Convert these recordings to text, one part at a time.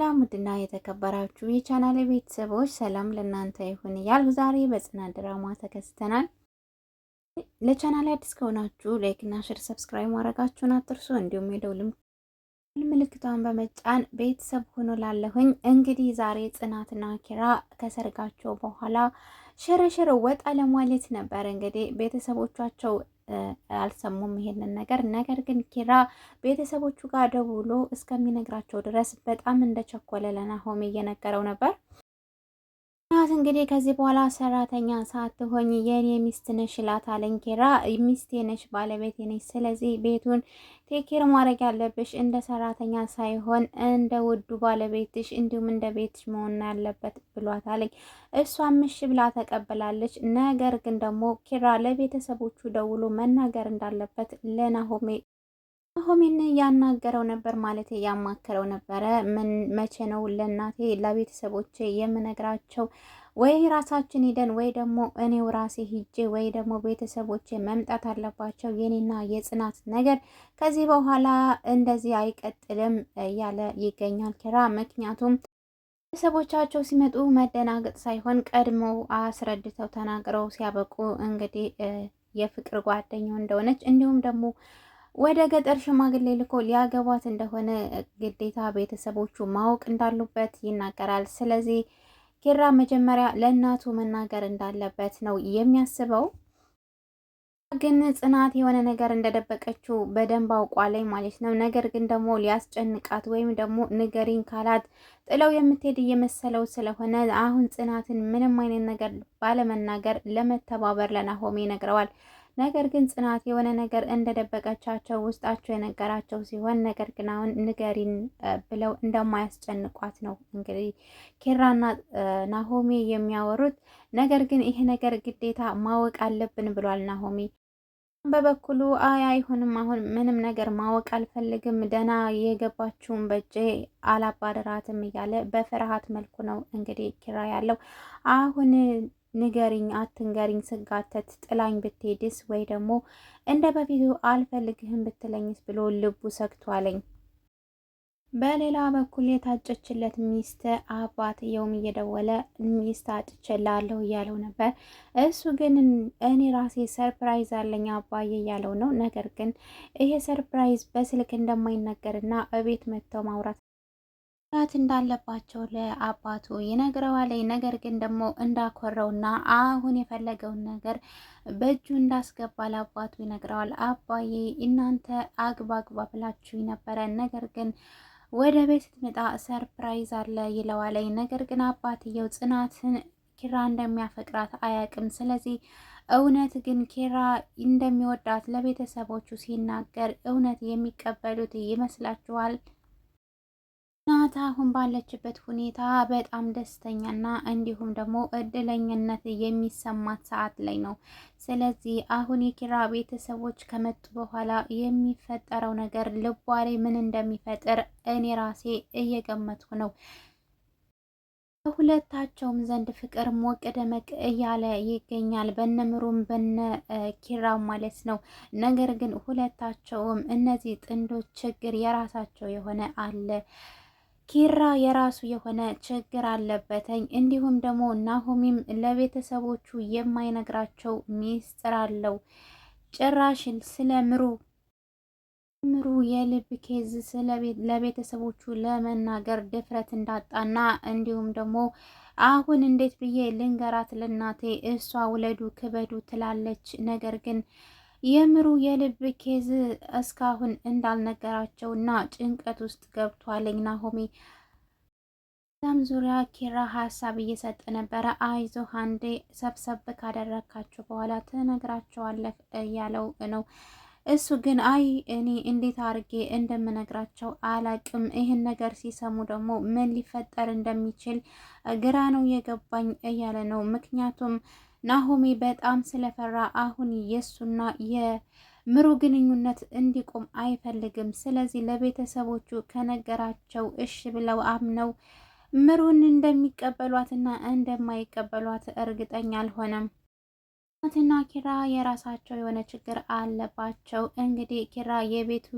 ሰላም ውድና የተከበራችሁ የቻናሌ ቤተሰቦች ሰላም ለእናንተ ይሁን እያልሁ ዛሬ በጽናት ድራማ ተከስተናል። ለቻናሌ አዲስ ከሆናችሁ ላይክ እና ሼር፣ ሰብስክራይብ ማድረጋችሁን አትርሱ። እንዲሁም የደውል ምልክቷን በመጫን ቤተሰብ ሆኖ ላለሁኝ። እንግዲህ ዛሬ ጽናትና ኪራ ከሰርጋቸው በኋላ ሽርሽር ወጣ ለማለት ነበር እንግዲህ ቤተሰቦቻቸው አልሰሙም ይሄንን ነገር። ነገር ግን ኪራ ቤተሰቦቹ ጋር ደውሎ እስከሚነግራቸው ድረስ በጣም እንደቸኮለ ለናሆሜ እየነገረው ነበር። ናት እንግዲህ ከዚህ በኋላ ሰራተኛ ሳትሆኝ የኔ ሚስት ነሽ እላታለኝ። ኪራ ሚስቴ ነሽ፣ ባለቤቴ ነሽ። ስለዚህ ቤቱን ቴኬር ማድረግ ያለብሽ እንደ ሰራተኛ ሳይሆን እንደ ውዱ ባለቤትሽ እንዲሁም እንደ ቤትሽ መሆን ያለበት ብሏታለኝ። እሷ ምሽ ብላ ተቀብላለች። ነገር ግን ደግሞ ኬራ ለቤተሰቦቹ ደውሎ መናገር እንዳለበት ለናሆሜ ኑሃሚን ያናገረው ነበር ማለት ያማከረው ነበረ። ምን መቼ ነው ለእናቴ ለቤተሰቦቼ የምነግራቸው? ወይ ራሳችን ሂደን ወይ ደግሞ እኔው ራሴ ሂጄ ወይ ደግሞ ቤተሰቦቼ መምጣት አለባቸው። የኔና የጽናት ነገር ከዚህ በኋላ እንደዚህ አይቀጥልም እያለ ይገኛል ኪራ። ምክንያቱም ቤተሰቦቻቸው ሲመጡ መደናገጥ ሳይሆን ቀድሞ አስረድተው ተናግረው ሲያበቁ እንግዲህ የፍቅር ጓደኛው እንደሆነች እንዲሁም ደግሞ ወደ ገጠር ሽማግሌ ልኮ ሊያገቧት እንደሆነ ግዴታ ቤተሰቦቹ ማወቅ እንዳሉበት ይናገራል። ስለዚህ ኪራ መጀመሪያ ለእናቱ መናገር እንዳለበት ነው የሚያስበው። ግን ጽናት የሆነ ነገር እንደደበቀችው በደንብ አውቋ ላይ ማለት ነው። ነገር ግን ደግሞ ሊያስጨንቃት ወይም ደግሞ ንገሪን ካላት ጥለው የምትሄድ እየመሰለው ስለሆነ አሁን ጽናትን ምንም አይነት ነገር ባለመናገር ለመተባበር ለናሆሜ ይነግረዋል። ነገር ግን ጽናት የሆነ ነገር እንደደበቀቻቸው ውስጣቸው የነገራቸው ሲሆን ነገር ግን አሁን ንገሪን ብለው እንደማያስጨንቋት ነው እንግዲህ ኬራና ናሆሜ የሚያወሩት። ነገር ግን ይሄ ነገር ግዴታ ማወቅ አለብን ብሏል ናሆሜ። በበኩሉ አይ አይሆንም፣ አሁን ምንም ነገር ማወቅ አልፈልግም፣ ደህና የገባችውን በእጄ አላባደራትም እያለ በፍርሃት መልኩ ነው እንግዲህ ኪራ ያለው አሁን ንገሪኝ፣ አትንገሪኝ ስጋተት ጥላኝ ብትሄድስ ወይ ደግሞ እንደ በፊቱ አልፈልግህም ብትለኝስ ብሎ ልቡ ሰግቷለኝ። በሌላ በኩል የታጨችለት ሚስት አባትየውም እየደወለ ሚስት አጭቼላለሁ እያለው ነበር። እሱ ግን እኔ ራሴ ሰርፕራይዝ አለኝ አባዬ እያለው ነው። ነገር ግን ይሄ ሰርፕራይዝ በስልክ እንደማይነገርና እቤት መጥተው ማውራት ራት እንዳለባቸው ለአባቱ ይነግረዋል። ነገር ግን ደግሞ እንዳኮረውና አሁን የፈለገውን ነገር በእጁ እንዳስገባ ለአባቱ ይነግረዋል። አባዬ እናንተ አግባ አግባ ብላችሁ ነበረ፣ ነገር ግን ወደ ቤት ስትመጣ ሰርፕራይዝ አለ ይለዋል። ነገር ግን አባትየው ጽናትን ኪራ እንደሚያፈቅራት አያውቅም። ስለዚህ እውነት ግን ኪራ እንደሚወዳት ለቤተሰቦቹ ሲናገር እውነት የሚቀበሉት ይመስላችኋል? እናት አሁን ባለችበት ሁኔታ በጣም ደስተኛና እንዲሁም ደግሞ እድለኝነት የሚሰማት ሰዓት ላይ ነው። ስለዚህ አሁን የኪራ ቤተሰቦች ከመጡ በኋላ የሚፈጠረው ነገር ልቧ ላይ ምን እንደሚፈጥር እኔ ራሴ እየገመትኩ ነው። በሁለታቸውም ዘንድ ፍቅር ሞቅ ደመቅ እያለ ይገኛል። በነምሩም በነ ኪራ ማለት ነው። ነገር ግን ሁለታቸውም እነዚህ ጥንዶች ችግር የራሳቸው የሆነ አለ። ኪራ የራሱ የሆነ ችግር አለበትኝ። እንዲሁም ደግሞ ናሆሚም ለቤተሰቦቹ የማይነግራቸው ሚስጥር አለው። ጭራሽ ስለ ምሩ ምሩ የልብ ኬዝ ለቤተሰቦቹ ለመናገር ድፍረት እንዳጣና እንዲሁም ደግሞ አሁን እንዴት ብዬ ልንገራት ልናቴ፣ እሷ ውለዱ ክበዱ ትላለች። ነገር ግን የምሩ የልብ ኬዝ እስካሁን እንዳልነገራቸውና ጭንቀት ውስጥ ገብቷለኝ ናሆሜ ዛም ዙሪያ ኪራ ሀሳብ እየሰጠ ነበረ። አይዞ አንዴ ሰብሰብ ካደረካቸው በኋላ ትነግራቸዋለህ እያለው ነው። እሱ ግን አይ እኔ እንዴት አድርጌ እንደምነግራቸው አላቅም። ይህን ነገር ሲሰሙ ደግሞ ምን ሊፈጠር እንደሚችል ግራ ነው የገባኝ እያለ ነው ምክንያቱም ናሆሜ በጣም ስለፈራ አሁን የእሱና የምሩ ግንኙነት እንዲቆም አይፈልግም። ስለዚህ ለቤተሰቦቹ ከነገራቸው እሽ ብለው አምነው ምሩን እንደሚቀበሏትና እንደማይቀበሏት እርግጠኛ አልሆነም። ትና ኪራ የራሳቸው የሆነ ችግር አለባቸው። እንግዲህ ኪራ የቤቱ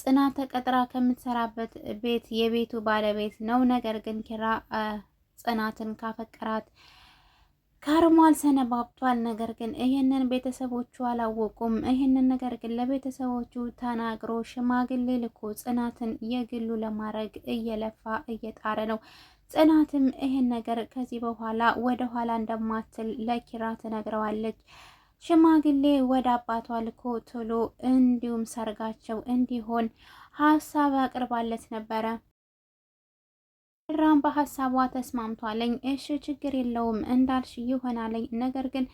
ጽናት ተቀጥራ ከምትሰራበት ቤት የቤቱ ባለቤት ነው። ነገር ግን ኪራ ጽናትን ካፈቀራት ከርሟል፣ ሰነባብቷል። ነገር ግን ይህንን ቤተሰቦቹ አላወቁም። ይህንን ነገር ግን ለቤተሰቦቹ ተናግሮ ሽማግሌ ልኮ ጽናትን የግሉ ለማድረግ እየለፋ እየጣረ ነው። ጽናትም ይህን ነገር ከዚህ በኋላ ወደ ኋላ እንደማትል ለኪራ ትነግረዋለች። ሽማግሌ ወደ አባቷ ልኮ ቶሎ እንዲሁም ሰርጋቸው እንዲሆን ሀሳብ አቅርባለት ነበረ። ኪራም በሀሳቧ ተስማምቷለኝ። እሺ ችግር የለውም እንዳልሽ ይሆናለኝ። ነገር ግን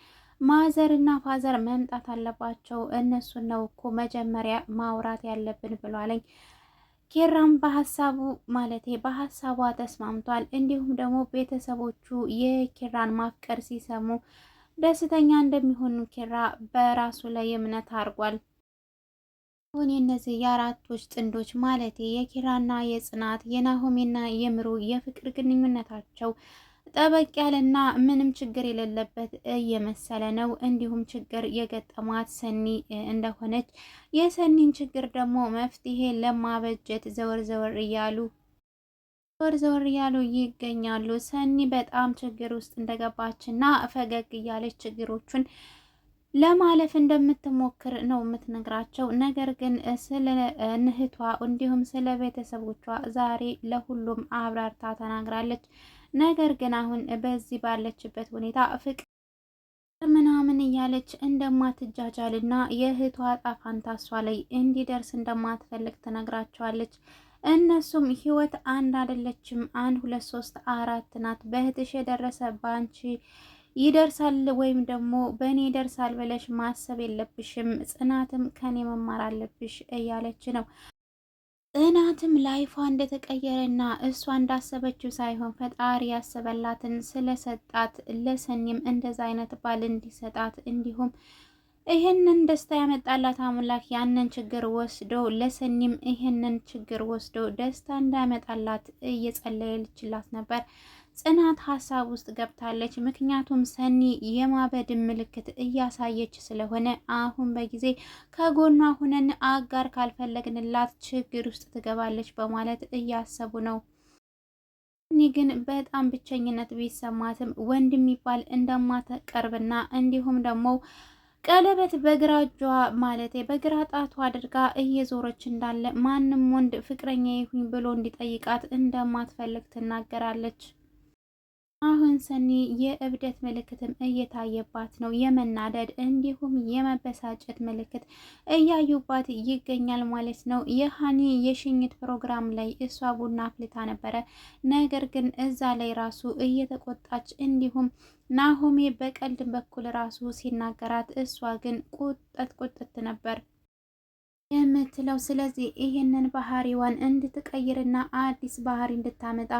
ማዘር እና ፋዘር መምጣት አለባቸው። እነሱን ነው እኮ መጀመሪያ ማውራት ያለብን ብሏለኝ። ኪራም በሀሳቡ ማለቴ በሀሳቧ ተስማምቷል። እንዲሁም ደግሞ ቤተሰቦቹ የኪራን ማፍቀር ሲሰሙ ደስተኛ እንደሚሆኑ ኪራ በራሱ ላይ እምነት አድርጓል። አሁን የእነዚህ የአራቶች ጥንዶች ማለቴ የኪራና የጽናት የናሆሜና የምሩ የፍቅር ግንኙነታቸው ጠበቅ ያለና ምንም ችግር የሌለበት እየመሰለ ነው። እንዲሁም ችግር የገጠማት ሰኒ እንደሆነች የሰኒን ችግር ደግሞ መፍትሄ ለማበጀት ዘወር ዘወር እያሉ ዘወር ዘወር እያሉ ይገኛሉ። ሰኒ በጣም ችግር ውስጥ እንደገባችና ፈገግ እያለች ችግሮቹን ለማለፍ እንደምትሞክር ነው የምትነግራቸው። ነገር ግን ስለ እህቷ እንዲሁም ስለ ቤተሰቦቿ ዛሬ ለሁሉም አብራርታ ተናግራለች። ነገር ግን አሁን በዚህ ባለችበት ሁኔታ ፍቅር ምናምን እያለች እንደማትጃጃልና የእህቷ ጣፋንታ እሷ ላይ እንዲደርስ እንደማትፈልግ ትነግራቸዋለች። እነሱም ህይወት አንድ አይደለችም፣ አንድ ሁለት ሶስት አራት ናት። በእህትሽ የደረሰ ባንቺ ይደርሳል ወይም ደግሞ በእኔ ይደርሳል ብለሽ ማሰብ የለብሽም፣ ጽናትም ከኔ መማር አለብሽ እያለች ነው። ጽናትም ላይፏ እንደተቀየረና እሷ እንዳሰበችው ሳይሆን ፈጣሪ ያሰበላትን ስለሰጣት ለሰኒም እንደዛ አይነት ባል እንዲሰጣት እንዲሁም ይህንን ደስታ ያመጣላት አምላክ ያንን ችግር ወስዶ ለሰኒም ይህንን ችግር ወስዶ ደስታ እንዳያመጣላት እየጸለየችላት ነበር። ጽናት ሀሳብ ውስጥ ገብታለች። ምክንያቱም ሰኒ የማበድን ምልክት እያሳየች ስለሆነ አሁን በጊዜ ከጎኗ ሁነን አጋር ካልፈለግንላት ችግር ውስጥ ትገባለች በማለት እያሰቡ ነው። ኒ ግን በጣም ብቸኝነት ቢሰማትም ወንድ የሚባል እንደማትቀርብና እንዲሁም ደግሞ ቀለበት በግራ እጇ ማለት በግራ ጣቷ አድርጋ እየዞረች እንዳለ ማንም ወንድ ፍቅረኛ ይሁኝ ብሎ እንዲጠይቃት እንደማትፈልግ ትናገራለች። አሁን ሰኒ የእብደት ምልክትም እየታየባት ነው። የመናደድ እንዲሁም የመበሳጨት ምልክት እያዩባት ይገኛል ማለት ነው። የሀኒ የሽኝት ፕሮግራም ላይ እሷ ቡና አፍልታ ነበረ። ነገር ግን እዛ ላይ ራሱ እየተቆጣች እንዲሁም ናሆሜ በቀልድ በኩል ራሱ ሲናገራት፣ እሷ ግን ቁጠት ቁጥት ነበር የምትለው። ስለዚህ ይህንን ባህሪዋን እንድትቀይርና አዲስ ባህሪ እንድታመጣ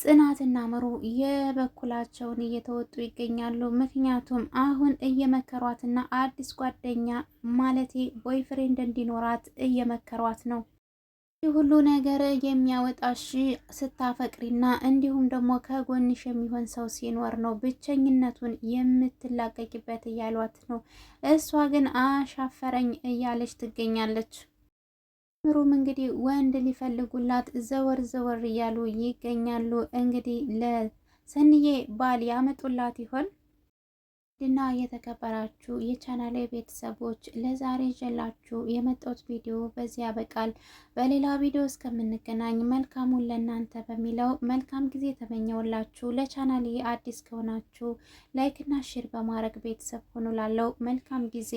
ጽናትና ምሩ የበኩላቸውን እየተወጡ ይገኛሉ። ምክንያቱም አሁን እየመከሯትና አዲስ ጓደኛ ማለቴ ቦይፍሬንድ እንዲኖራት እየመከሯት ነው። ይህ ሁሉ ነገር የሚያወጣሽ ስታፈቅሪና እንዲሁም ደግሞ ከጎንሽ የሚሆን ሰው ሲኖር ነው ብቸኝነቱን የምትላቀቂበት እያሏት ነው። እሷ ግን አሻፈረኝ እያለች ትገኛለች። ምሩም እንግዲህ ወንድ ሊፈልጉላት ዘወር ዘወር እያሉ ይገኛሉ። እንግዲህ ለሰንዬ ባል ያመጡላት ይሆን? ድና የተከበራችሁ የቻናሌ ቤተሰቦች ለዛሬ ይዤላችሁ የመጣሁት ቪዲዮ በዚህ ያበቃል። በሌላ ቪዲዮ እስከምንገናኝ መልካሙን ለእናንተ በሚለው መልካም ጊዜ ተመኘውላችሁ። ለቻናሌ አዲስ ከሆናችሁ ላይክና ሼር በማድረግ ቤተሰብ ሆኑ። ላለው መልካም ጊዜ